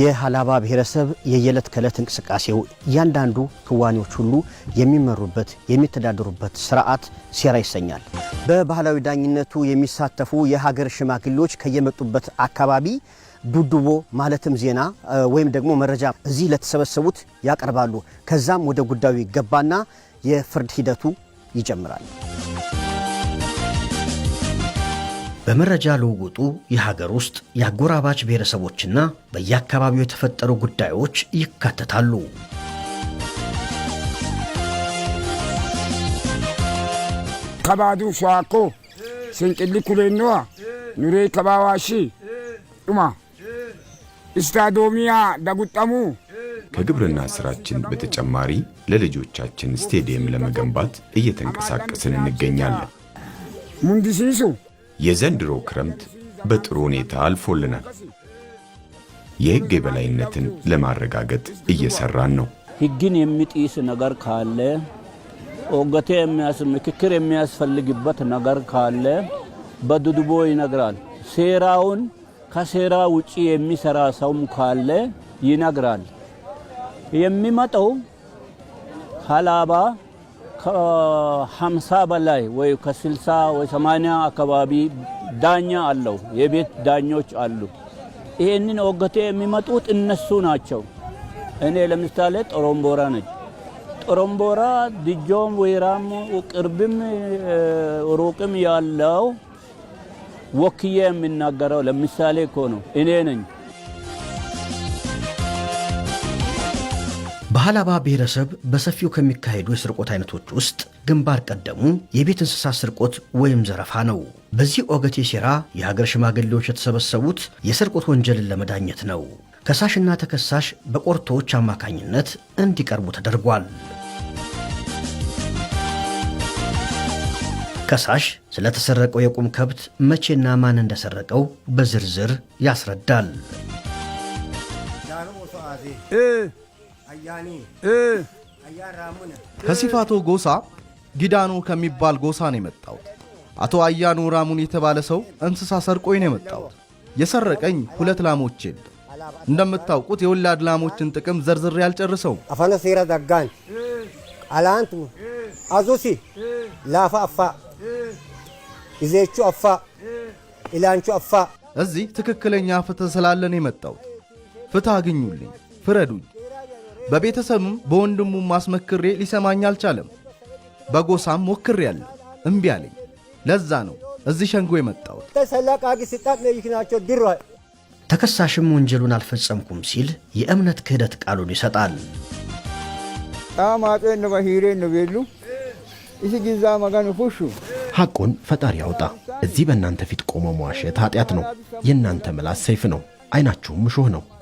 የሀላባ ብሔረሰብ የየዕለት ከዕለት እንቅስቃሴው እያንዳንዱ ክዋኔዎች ሁሉ የሚመሩበት የሚተዳደሩበት ስርዓት ሴራ ይሰኛል። በባህላዊ ዳኝነቱ የሚሳተፉ የሀገር ሽማግሌዎች ከየመጡበት አካባቢ ዱድቦ ማለትም ዜና ወይም ደግሞ መረጃ እዚህ ለተሰበሰቡት ያቀርባሉ። ከዛም ወደ ጉዳዩ ይገባና የፍርድ ሂደቱ ይጀምራል። በመረጃ ልውውጡ የሀገር ውስጥ የአጎራባች ብሔረሰቦችና በየአካባቢው የተፈጠሩ ጉዳዮች ይካተታሉ። ከባዱ ሸዋኮ ስንቅሊ ኩሌኖዋ ኑሬ ከባዋሺ ጡማ ስታዶሚያ ዳጉጣሙ ከግብርና ስራችን በተጨማሪ ለልጆቻችን ስቴዲየም ለመገንባት እየተንቀሳቀስን እንገኛለን። ሙንዲሲሱ የዘንድሮ ክረምት በጥሩ ሁኔታ አልፎልናል። የሕግ የበላይነትን ለማረጋገጥ እየሰራን ነው። ሕግን የሚጥስ ነገር ካለ ኦገቴ ምክክር የሚያስፈልግበት ነገር ካለ በድድቦ ይነግራል። ሴራውን ከሴራ ውጪ የሚሰራ ሰውም ካለ ይነግራል። የሚመጣው ሀላባ ከሀምሳ በላይ ወይ ከስልሳ ወይ ሰማንያ አካባቢ ዳኛ አለው፣ የቤት ዳኞች አሉ። ይህንን ወገቴ የሚመጡት እነሱ ናቸው። እኔ ለምሳሌ ጦሮምቦራ ነች። ጦሮምቦራ ድጆም፣ ወይራም፣ ቅርብም ሩቅም ያለው ወክዬ የሚናገረው ለምሳሌ እኮ ነው እኔ ነኝ። በሀላባ ብሔረሰብ በሰፊው ከሚካሄዱ የስርቆት አይነቶች ውስጥ ግንባር ቀደሙ የቤት እንስሳት ስርቆት ወይም ዘረፋ ነው። በዚህ ኦገቴ ሴራ የሀገር ሽማግሌዎች የተሰበሰቡት የስርቆት ወንጀልን ለመዳኘት ነው። ከሳሽና ተከሳሽ በቆርቶዎች አማካኝነት እንዲቀርቡ ተደርጓል። ከሳሽ ስለተሰረቀው የቁም ከብት መቼና ማን እንደሰረቀው በዝርዝር ያስረዳል። ከሲፋቶ ጎሳ ጊዳኖ ከሚባል ጎሳ ነው የመጣሁት። አቶ አያኑ ራሙን የተባለ ሰው እንስሳ ሰርቆኝ ነው የመጣሁት። የሰረቀኝ ሁለት ላሞች እንደምታውቁት የወላድ ላሞችን ጥቅም ዘርዝሬ አልጨርሰውም። አፋነ ሴራ ዳጋን አላንቱ አዞሲ ላፋ አፋ ይዜቹ አፋ ኢላንቹ አፋ እዚህ ትክክለኛ ፍትህ ስላለን የመጣሁት። ፍትህ አግኙልኝ፣ ፍረዱኝ። በቤተሰብም በወንድሙም ማስመክሬ ሊሰማኝ አልቻለም። በጎሳም ሞክሬ ያለ እምቢ አለኝ። ለዛ ነው እዚህ ሸንጎ የመጣሁት። ተከሳሽም ወንጀሉን አልፈጸምኩም ሲል የእምነት ክህደት ቃሉን ይሰጣል። ጣማጤ መሂሬን ቤሉ እሺ ጊዛ መጋን ፉሹ ሐቁን ፈጣሪ ያውጣ። እዚህ በእናንተ ፊት ቆሞ መዋሸት ኃጢአት ነው። የእናንተ ምላስ ሰይፍ ነው፣ ዐይናችሁም እሾህ ነው።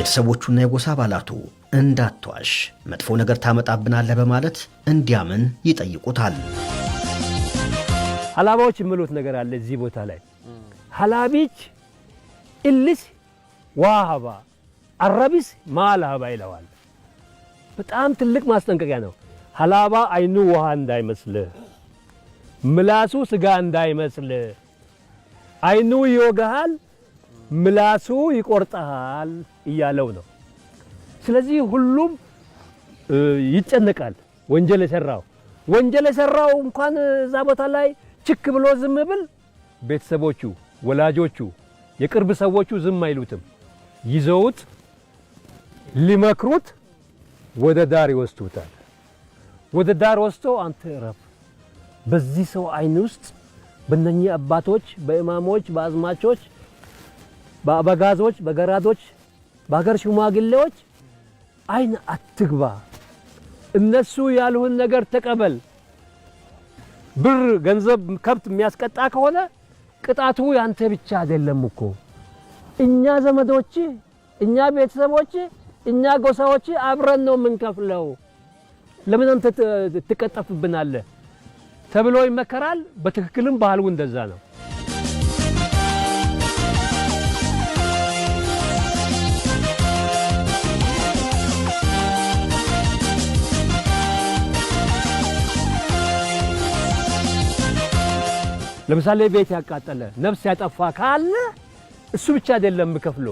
ቤተሰቦቹና የጎሳ አባላቱ እንዳትዋሽ፣ መጥፎ ነገር ታመጣብናለህ በማለት እንዲያምን ይጠይቁታል። ሀላባዎች የምሉት ነገር አለ። እዚህ ቦታ ላይ ሀላቢች እልስ ዋሃባ አረቢስ ማላሃባ ይለዋል። በጣም ትልቅ ማስጠንቀቂያ ነው። ሀላባ አይኑ ውሃ እንዳይመስል፣ ምላሱ ስጋ እንዳይመስል፣ አይኑ ይወጋሃል ምላሱ ይቆርጣል እያለው ነው። ስለዚህ ሁሉም ይጨነቃል። ወንጀል የሰራው ወንጀል የሰራው እንኳን እዛ ቦታ ላይ ችክ ብሎ ዝም ብል ቤተሰቦቹ፣ ወላጆቹ፣ የቅርብ ሰዎቹ ዝም አይሉትም። ይዘውት ሊመክሩት ወደ ዳር ይወስዱታል። ወደ ዳር ወስቶ አንተ እረፍ በዚህ ሰው አይን ውስጥ በእነኚህ አባቶች፣ በእማሞች በአዝማቾች በአበጋዞች፣ በገራዶች፣ በሀገር ሽማግሌዎች አይን አትግባ። እነሱ ያልሁን ነገር ተቀበል። ብር፣ ገንዘብ፣ ከብት የሚያስቀጣ ከሆነ ቅጣቱ ያንተ ብቻ አይደለም እኮ እኛ ዘመዶች፣ እኛ ቤተሰቦች፣ እኛ ጎሳዎች አብረን ነው የምንከፍለው። ለምን አንተ ትቀጠፍብናለህ ተብሎ ይመከራል። በትክክልም ባህሉ እንደዛ ነው። ለምሳሌ ቤት ያቃጠለ ነፍስ ያጠፋ ካለ እሱ ብቻ አይደለም ከፍሎ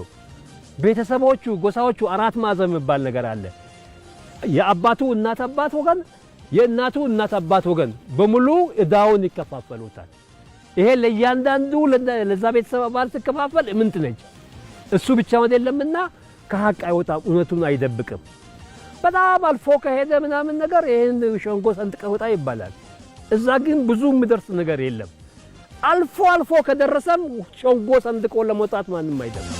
ቤተሰቦቹ፣ ጎሳዎቹ አራት ማዕዘን የሚባል ነገር አለ። የአባቱ እናት አባት ወገን፣ የእናቱ እናት አባት ወገን በሙሉ እዳውን ይከፋፈሉታል። ይሄ ለእያንዳንዱ ለዛ ቤተሰብ አባል ትከፋፈል ምንት ነች። እሱ ብቻ አይደለምና ከሀቅ አይወጣም፣ እውነቱን አይደብቅም። በጣም አልፎ ከሄደ ምናምን ነገር ይህን ሸንጎ ሰንጥቀ ውጣ ይባላል። እዛ ግን ብዙ የሚደርስ ነገር የለም። አልፎ አልፎ ከደረሰም ሸጎ ሰንድቆ ለመውጣት ማንም አይደለም።